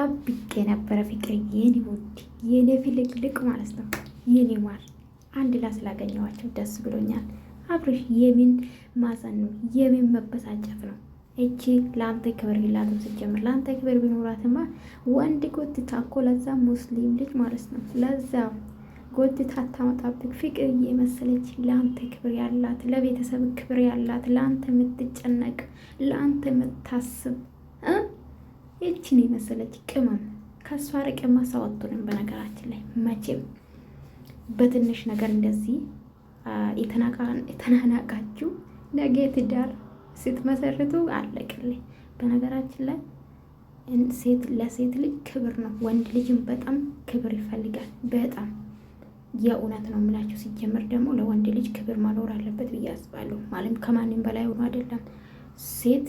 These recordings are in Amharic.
ጠብቄ ነበረ ፍቅር የኔ ውድ የኔ ፍልቅልቅ ማለት ነው የኔ ማር፣ አንድ ላይ ስላገኘኋቸው ደስ ብሎኛል። አብርሽ የምን ማዘን ነው የምን መበሳጨት ነው? እቺ ለአንተ ክብር የላትም። ስጀምር ለአንተ ክብር ቢኖራትማ ወንድ ጎትታ እኮ ለዛ ሙስሊም ልጅ ማለት ነው ለዛ ጎትታ አታመጣብቅ። ፍቅር የመሰለች ለአንተ ክብር ያላት ለቤተሰብ ክብር ያላት ለአንተ የምትጨነቅ ለአንተ የምታስብ ይችን የመሰለች ቅመም ከእሷ ርቅማ ሰው በነገራችን ላይ መቼም በትንሽ ነገር እንደዚህ የተናናቃችሁ ነገ ትዳር ስትመሰርቱ አለቅልኝ። በነገራችን ላይ ሴት ለሴት ልጅ ክብር ነው። ወንድ ልጅም በጣም ክብር ይፈልጋል። በጣም የእውነት ነው የምላችሁ። ሲጀምር ደግሞ ለወንድ ልጅ ክብር መኖር አለበት ብዬ አስባለሁ። ማለም ከማንም በላይ ሆኖ አይደለም ሴት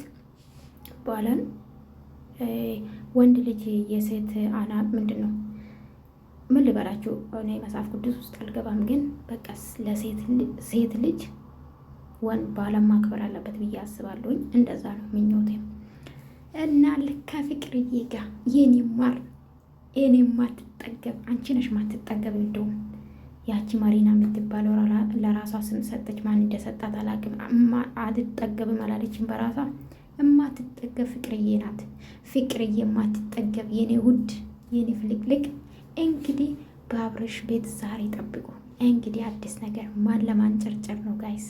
ባለን ወንድ ልጅ የሴት አና ምንድን ነው ምን ልበላችሁ፣ እኔ መጽሐፍ ቅዱስ ውስጥ አልገባም፣ ግን በቃ ለሴት ልጅ ወንድ ባለም ማክበር አለበት ብዬ አስባለሁኝ። እንደዛ ነው ምኞቴ እና ልካ ፍቅርዬ ጋ የኔ ማር የኔ ማትጠገብ አንቺ ነሽ ማትጠገብ። እንደውም ያቺ ማሪና የምትባለው ለራሷ ስም ሰጠች። ማን እንደሰጣት አላውቅም። አትጠገብም አላለችም በራሷ እማትጠገብ ፍቅርዬ ናት። ፍቅር የማትጠገብ የኔ ውድ የኔ ፍልቅልቅ እንግዲህ በአብረሽ ቤት ዛሬ ጠብቁ። እንግዲህ አዲስ ነገር ማን ለማንጨርጨር ነው ጋይስ።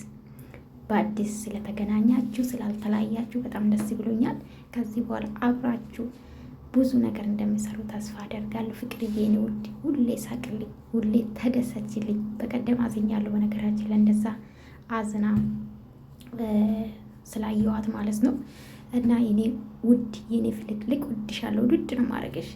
በአዲስ ስለተገናኛችሁ ስላልተለያችሁ በጣም ደስ ብሎኛል። ከዚህ በኋላ አብራችሁ ብዙ ነገር እንደሚሰሩ ተስፋ አደርጋለሁ። ፍቅርዬ የኔ ውድ ሁሌ ሳቅልኝ፣ ሁሌ ተደሰችልኝ። በቀደም አዝኛለሁ፣ በነገራችን ለእንደዛ አዝና ስላየዋት ማለት ነው እና የኔ ውድ የኔ ፍልቅልቅ ውድሻለሁ። ውድድ ነው ማድረግሽ